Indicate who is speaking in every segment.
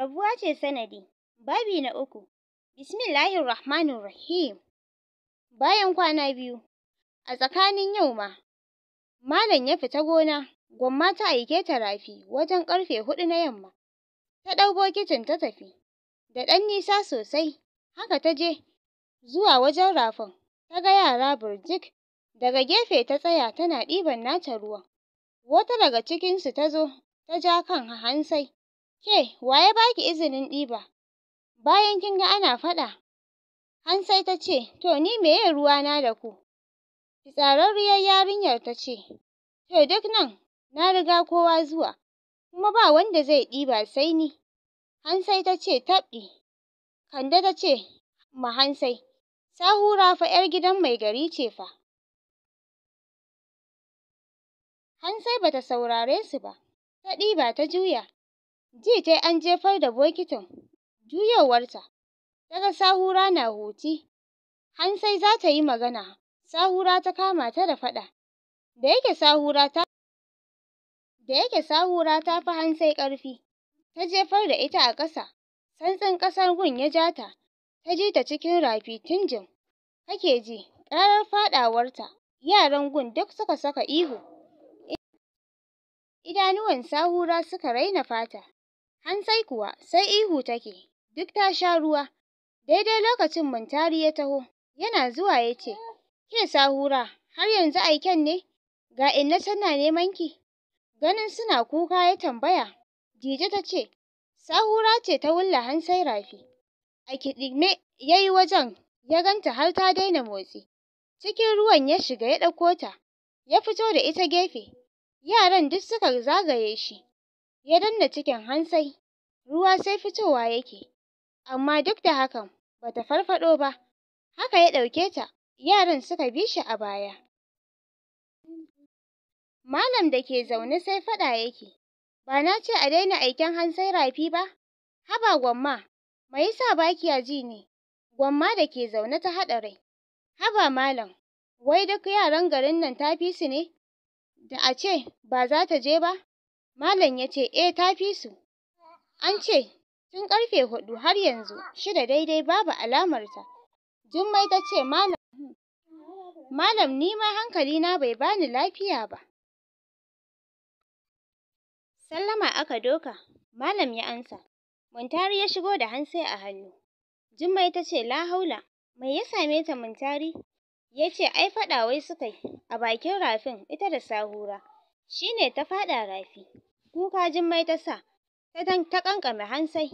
Speaker 1: Rabuwa ce sanadi. Babi na uku. Bismillahir Rahmanir Rahim. Bayan kwana biyu, a tsakanin yau ma, Malam ya fita gona, Gwamma ta aike ta rafi wajen karfe hudu na yamma. Ta ɗau bokitin ta tafi, da ɗan nisa sosai, haka ta je zuwa wajen rafin, ta ga yara burjik, daga gefe ta tsaya tana ɗiban nata ruwa Wata daga cikinsu ta zo, ta ja kan hansai, Ke wa ya baki izinin ɗiba? Bayan kin ga ana faɗa. sai ta ce, to ni meye na da ku? Fitsararriyar yarinyar ta ce, to duk nan na riga kowa zuwa, kuma ba wanda zai ɗiba sai ni. Hansai ta ce tabɗi. Kande ta ce ma Hansai, Sahura fa 'yar gidan mai gari ce fa. Hansai bata saurare su ba, ta ɗiba ta juya. ji tai an jefar da bokitin juyowarta ta ga sahura na huci sai za ta yi magana sahura ta kama ta da faɗa da yake sahura ta da yake sahura ta fi hantsai ƙarfi ta jefar da ita a ƙasa santsin ƙasar gun ya ja ta ta ji ta cikin rafi tun jin. kake ji ƙarar faɗawarta yaran gun duk suka saka ihu idanuwan sahura suka raina fata Hansai kuwa sai ihu take, duk ta sha ruwa. Daidai lokacin Muntari ya taho, yana zuwa ya ce, Ke Sahura, har yanzu aiken ne? Ga inna tana neman ki. Ganin suna kuka ya tambaya. Dije ta ce, Sahura ce ta wulla hansai rafi. A kiɗime ya yi wajen, ya ganta har ta daina motsi. Cikin ruwan ya shiga ya ɗauko ta, ya fito da ita gefe. Yaran duk suka zagaye shi. ya danna cikin hantsai ruwa sai fitowa yake amma duk da hakan bata farfaɗo ba haka ya ɗauke ta yaran suka bi shi a baya malam da ke zaune sai faɗa yake ba na ce a daina aikin hantsi rafi ba haba gwamma me baki bakiya ji ne gwamma da ke zaune ta haɗa rai haba malam wai duk yaran garin nan ta fi su ne da a ce ba za ta je ba Malam ya ce, "Eh, ta fi su. An ce tun ƙarfe huɗu har yanzu shida daidai babu alamarta." Jummai ta ce, "Malam, Malam ni ma hankalina bai bani lafiya ba." Sallama aka doka, Malam ya ansa. Muntari ya shigo da hansi a hannu. Jummai ta ce, "La haula, me ya same ta Muntari?" Ya ce, "Ai faɗa wai suka yi a bakin rafin ita da Sahura." shi ne ta faɗa rafi. Kuka Jummai ta sa, ta ta ƙanƙame hansai.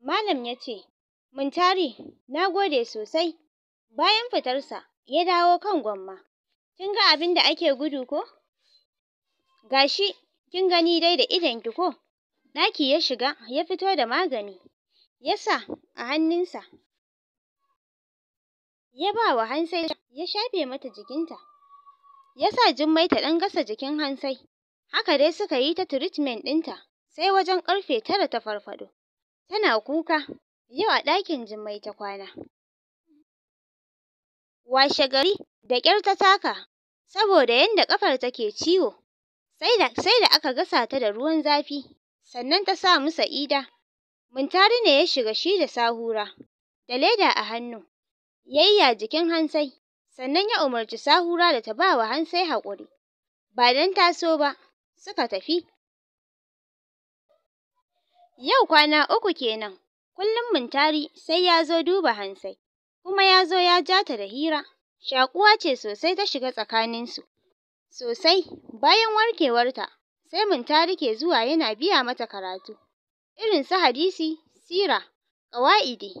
Speaker 1: Malam ya ce, Muntari, na gode sosai. Bayan fitarsa, ya dawo kan gwamma. Kin ga abin da ake gudu ko? Gashi, kin gani dai da idonki ko? Daki ya shiga, ya fito da magani. Ya sa a hannunsa. Ya ba wa hansai, ya shafe mata jikinta. Ya sa Jummai ta ɗan gasa jikin hansai. Haka dai suka yi ta treatment ɗinta sai wajen ƙarfe tara ta farfaɗo. Tana kuka, yau a ɗakin Jummai ta kwana. Washe gari da ƙyar ta taka saboda yadda ƙafar ta ke ciwo. Sai da sai da aka gasa ta da ruwan zafi sannan ta sa musu ida. Muntari ne ya shiga shi da sahura da leda a hannu. Yayya jikin Hansai sannan ya umarci sahura da ta ba wa Hansai haƙuri. Ba don taso ba, suka tafi. Yau kwana uku kenan, kullum Muntari sai ya zo duba Hansai, kuma ya zo ya ja ta da hira. Shaƙuwa ce sosai ta shiga tsakaninsu. Sosai, bayan warkewarta, sai Muntari ke zuwa yana biya mata karatu. Irin su hadisi, sira, ƙawa'idi,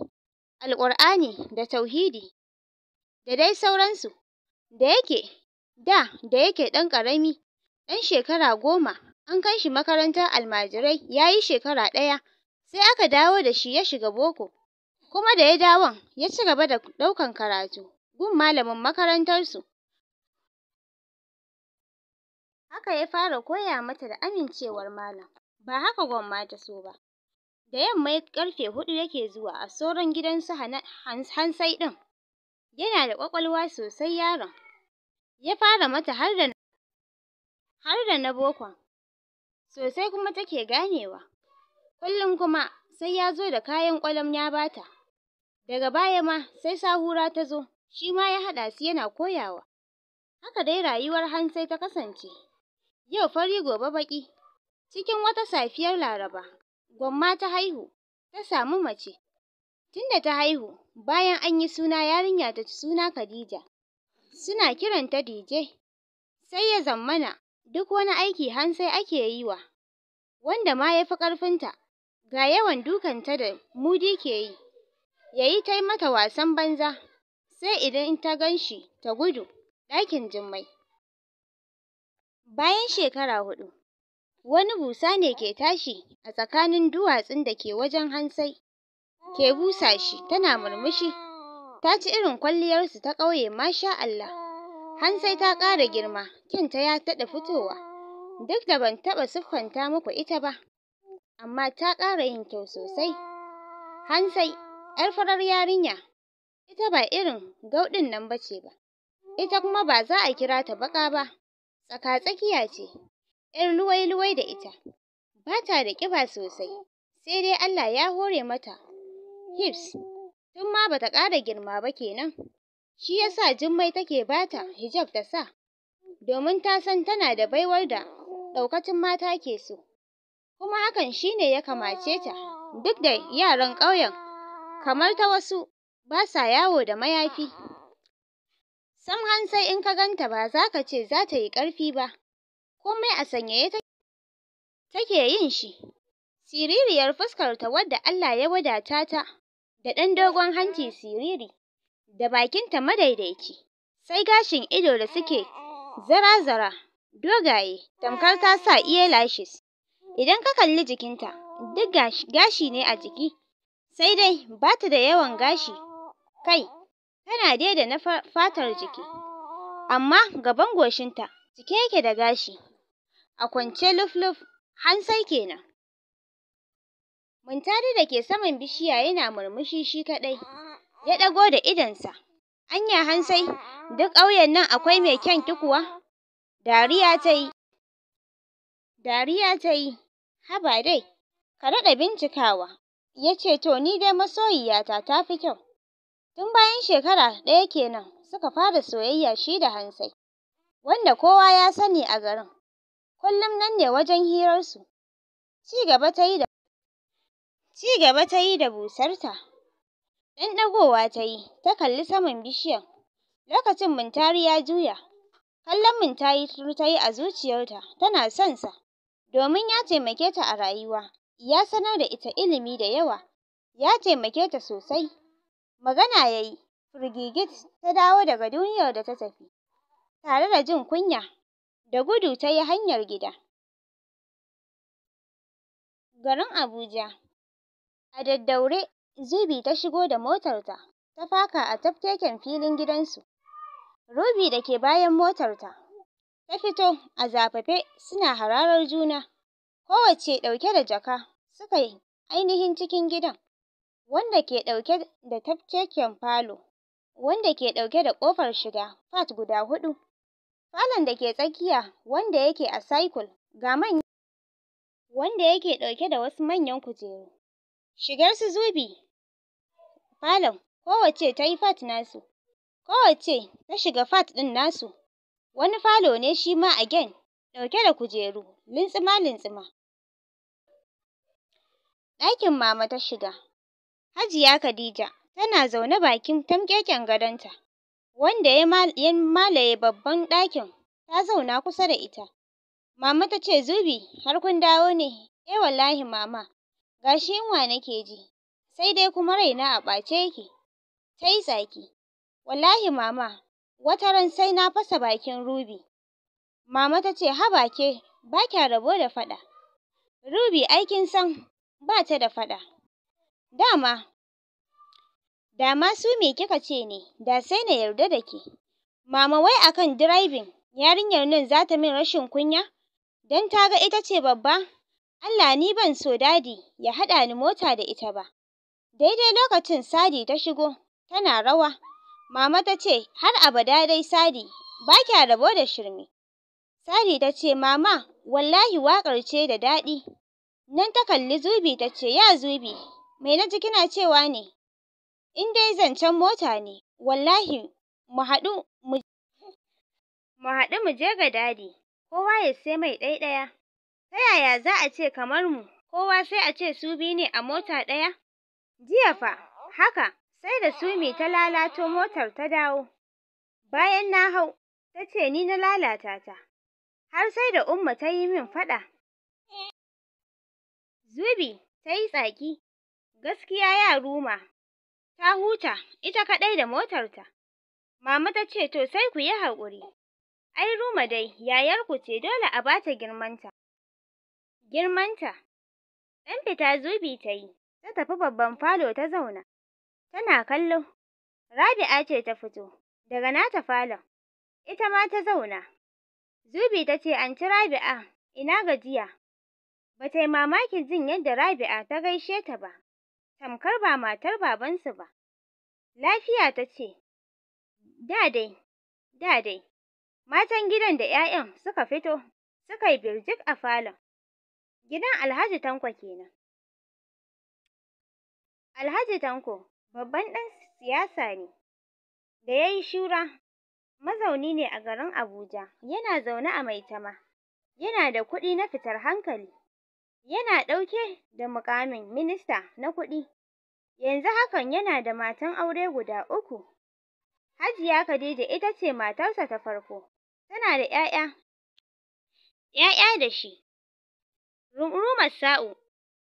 Speaker 1: alƙur'ani da tauhidi, da dai sauransu. Da yake, da da yake ɗan ƙarami, ɗan shekara goma, an kai shi makarantar almajirai ya yi shekara ɗaya, sai aka dawo da shi ya shiga boko, kuma da ya dawo, ya ci gaba da ɗaukan karatu gun malamin makarantarsu. Haka ya fara koya mata da amincewar malam, ba haka gwamma ta so ba. Da yamma karfe huɗu yake zuwa a sauran gidan su Hansai ɗin. Yana da ƙwaƙwalwa sosai yaron. Ya fara mata har da har da na bokon sosai kuma take ganewa kullum kuma sai ya zo da kayan kwalam ya bata daga baya ma sai sahura ta zo shi ma ya haɗa su yana koyawa haka dai rayuwar hansai ta kasance yau fari gobe baƙi cikin wata safiyar laraba gwamma ta haihu ta samu mace tunda ta haihu bayan an yi suna yarinya ta ci suna khadija suna kiranta dije sai ya zammana Duk wani aiki hantsai ake yi wa, wanda ma ya fi ƙarfinta, ga yawan dukanta da Mudi ke yi, ya yi ta mata wasan banza, sai idan ta gan shi ta gudu ɗakin Jummai. Bayan shekara huɗu, wani busa ne ke tashi a tsakanin duwatsun da ke wajen hantsai, ke busa shi tana murmushi, ta ci irin kwalliyarsu ta ƙauye masha Allah. Hansai ta ƙara girma, kinta ya taɗa fitowa. Duk da ban taɓa siffanta muku ita ba, amma ta ƙara yin kyau sosai. Hansai, 'yar farar yarinya, ita ba irin gauɗin nan ba ce ba, ita kuma ba za a kira ta baƙa ba, tsaka-tsakiya ce, 'yar luwai-luwai da ita, ba ta da ƙiba sosai, sai dai Allah ya hore mata hips, tun ma ba ta ƙara girma ba kenan. shi yasa Jummai take ta hijab ta sa domin ta san tana da baiwar da ɗaukacin mata ke so kuma hakan shi ne ya kamace ta duk da yaran ƙauyen kamar ta wasu ba sa yawo da mayafi sam sai in ka ganta ba za ka ce za ta yi ƙarfi ba komai a sanyaye take yin shi siririyar fuskarta wadda Allah ya wadata ta da ɗan dogon hanci siriri da bakinta madaidaici, sai gashin ido da suke zara-zara, dogaye, tamkar ta sa iya lashes Idan ka kalli jikinta, duk gashi ne a jiki, sai dai ba ta da yawan gashi. Kai, tana daidai da na fatar jiki, amma gaban goshinta cike yake da gashi, a kwance luf-luf, hansai kenan. Muntari da ke saman bishiya yana murmushi shi kaɗai. Ya ɗago da idonsa. Anya Hansai, duk ƙauyen nan akwai mai kyan ki kuwa? Dariya ta yi. Dariya ta yi. Haba dai, ka daɗa bincikawa. Ya ce to ni dai masoyiyata ta fi kyau. Tun bayan shekara ɗaya kenan suka fara soyayya shi da Hansai, wanda kowa ya sani a garin. Kullum nan ne wajen hirarsu. su. ci gaba ta yi da busarta. Ɗan ɗagowa ta yi, ta kalli saman bishiyar. Lokacin mintari ya juya. Kallon Muntari ta yi a zuciyarta, tana son sa. Domin ya taimake ta a rayuwa, ya sanar da ita ilimi da yawa, ya taimake ta sosai. Magana ya yi, firgigit ta dawo daga duniyar da ta tafi. Tare da jin kunya, da gudu ta yi hanyar gida. Garin Abuja. A daddaure Zubi ta shigo da motarta, ta faka a tafkeken filin gidansu. Rubi da ke bayan motarta, ta fito a zafafe suna hararar juna, kowacce ɗauke da jaka suka yi ainihin cikin gidan, wanda ke ɗauke da tafkeken falo, wanda ke ɗauke da ƙofar shiga fat guda hudu. Falon da ke tsakiya wanda yake a cycle ga manya wanda yake ɗauke da wasu manyan kujeru. Shigar su Zubi Falon kowacce ta yi fat nasu. Kowacce ta shiga fat ɗin nasu. Wani falo ne shi ma again ɗauke da kujeru lintsima-lintsima. Ɗakin mama ta shiga. Hajiya Khadija tana zaune bakin tamkeken gadonta wanda ya malaye babban ɗakin ta zauna kusa da ita. Mama ta ce Zubi har kun dawo ne? Eh wallahi mama gashi yunwa nake ji. sai dai kuma raina a ɓace yake. Ta yi tsaki. Wallahi mama, wata ran sai na fasa bakin Rubi. Mama ta ce haba ke, ba kya rabo da faɗa. Rubi aikin san ba ta da faɗa. Dama, dama su me kika ce ne, da sai na yarda da ke. Mama wai akan driving, yarinyar nan za ta min rashin kunya? Don ta ga ita ce babba? Allah ni ban so dadi ya haɗa ni mota da ita ba. Daidai lokacin Sadi ta shigo, tana rawa. Mama ta ce, Har abada dai Sadi, ba kya rabo da shirme. Sadi ta ce, Mama, wallahi waƙar ce da daɗi. Nan ta kalli Zubi ta ce, Ya Zubi, me na ji kina cewa ne? In dai zancen mota ne, wallahi mu haɗu mu haɗu mu je ga dadi, kowa ya sai mai ɗaiɗaya. Ta yaya za a ce kamar mu, kowa sai a ce su biyu ne a mota ɗaya? Jiya fa haka sai da Sumi ta lalato motar ta dawo, bayan na hau ta ce ni na lalata ta, har sai da Umma ta yi min faɗa. Zubi ta yi tsaki, gaskiya ya ruma, ta huta ita kaɗai da motar ta. Mama ta ce to sai ku yi haƙuri, ai Ruma dai yayarku ce dole a ba ta girmanta. Girmanta, ɗan fita Zubi ta yi. ta tafi babban falo ta zauna tana kallo Rabi'a ce ta fito daga nata falon ita ma ta zauna Zubi ta ce an ci Rabi'a ina gajiya ba ta yi mamakin jin yadda Rabi'a ta gaishe ta ba tamkar ba matar babansu ba lafiya ta ce da dai da dai matan gidan da 'ya'yan suka fito suka yi birjik a falon gidan Alhaji Tanko kenan Alhaji Tanko babban ɗan siyasa ne da ya yi shura, mazauni ne a garin Abuja, yana zaune a Maitama, yana da kuɗi na fitar hankali, yana ɗauke da muƙamin Minista na Kuɗi, yanzu hakan yana da matan aure guda uku, Hajiya Khadija ita ce matarsa ta farko, tana da ‘ya'ya ‘ya'ya da shi, Rumar Sa'u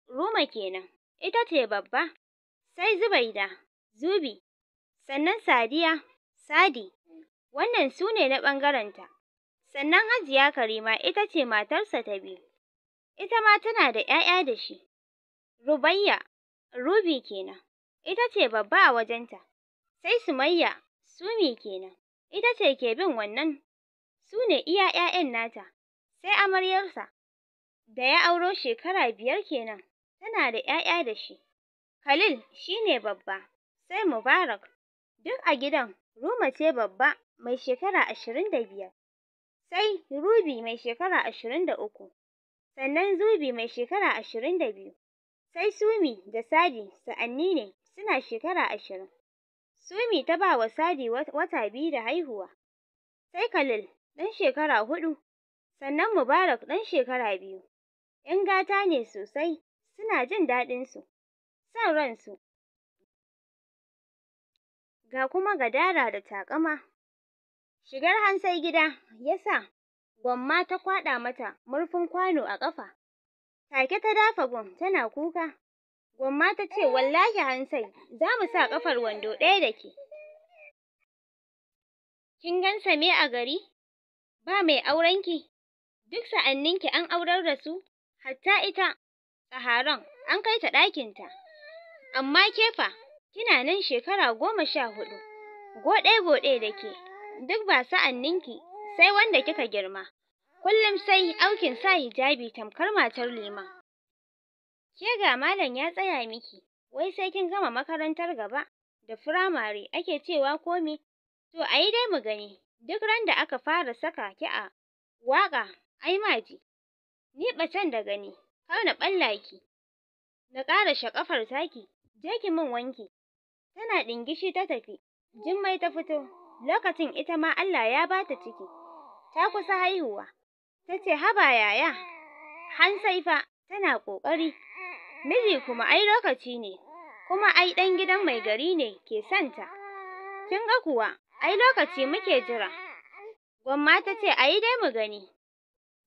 Speaker 1: Ruma kenan, ita ce babba. sai Zubaida, Zubi, sannan Sadiya, Sadi. Wannan su ne na ɓangarenta. Sannan Hajiya Karima ita ce matarsa ta biyu. Ita ma tana da ‘ya'ya da shi. Rubayya, Rubi kenan. Ita ce babba a wajenta. Sai Sumayya, Sumi kenan. Ita ce ke bin wannan. Su ne iya ‘ya'yan nata. Sai amaryarsa, da ya auro shekara biyar kenan. Tana da ‘ya'ya da shi. Khalil shi ne babba, sai Mubarak. Duk a gidan, Ruma ce babba mai shekara ashirin da biyar, sai Rubi mai shekara ashirin da uku, sannan Zubi mai shekara ashirin da biyu, sai Sumi da Sadi sa'anni ne suna shekara ashirin. Sumi ta ba wa Sadi wata biyu da haihuwa, sai Khalil ɗan shekara hudu, sannan Mubarak ɗan shekara biyu. ‘Yan gata ne sosai, suna jin daɗinsu. son ransu ga kuma gadara da taƙama shigar hantsai gida yasa Gwamma ta kwaɗa mata murfin kwano a ƙafa take ta dafa Gwam tana kuka Gwamma ta ce wallahi Hansai za mu sa ƙafar wando ɗaya da ke. Kin gan me a gari? Ba mai aurenki? Duk sa'anninki an aurar da su? Hatta ita, tsaharon, an kai ta ɗakinta. Amma ke fa, kina nan shekara goma sha huɗu, goɗe-goɗe da ke, duk ba sa'anninki sai wanda kika girma. Kullum sai aukin sa hijabi tamkar matar lima. Ke ga malam ya tsaya miki, wai sai kin gama makarantar gaba da firamare ake cewa komi? To a yi dai mu gani, duk ran da aka fara saka ki a waƙa ai ma ji. Ni ɓacen da gani, kar na ɓallaki na ƙara shaƙafar taki. je ki min wanki tana ɗingishi ta tafi Jummai ta fito lokacin ita ma Allah ya ba ta ciki ta kusa haihuwa ta ce haba yaya saifa. tana ƙoƙari miji kuma ai lokaci ne kuma ai ɗan gidan mai gari ne ke santa kin ga kuwa ai lokaci muke jira gwamma ta ce ayi dai mu gani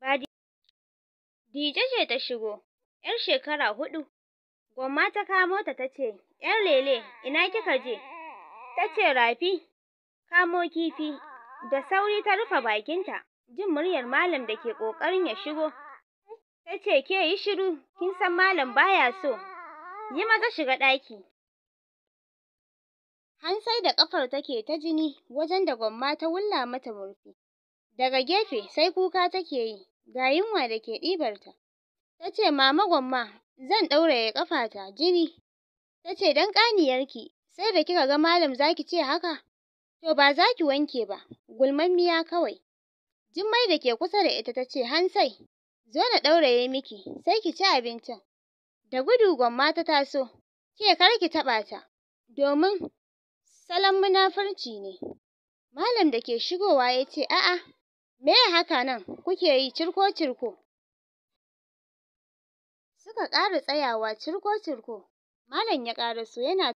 Speaker 1: ba dije ce ta shigo yar shekara huɗu Gwamma ta kamo ta ta ce, ‘yar lele, ina kika je?’ ta ce rafi, kamo kifi. Da sauri ta rufe bakinta, jin muryar malam da ke ƙoƙarin ya shigo. Ta ce ke yi shiru, kin san malam baya so. Yi maza shiga ɗaki. sai da ƙafar take ta jini wajen da gwamma ta wulla mata murfi. Daga gefe sai kuka take yi, ga yunwa da ke ɗibarta. ta ce mama gwamma, zan ɗauraye ƙafata jini tace dan ƙaniyarki sai da kika ga malam zaki ce haka to ba za ki wanke ba gulmammiya kawai Jummai da ke kusa da ita tace Hansai zo na ɗauraye miki sai ki ci abincin da gudu gwamma ta taso ke kar ki taɓa ta domin salon munafurci ne malam da ke shigowa yace a'a me haka nan kuke yi cirko cirko suka ƙara tsayawa cirko-cirko, Malam ya ƙaraso yana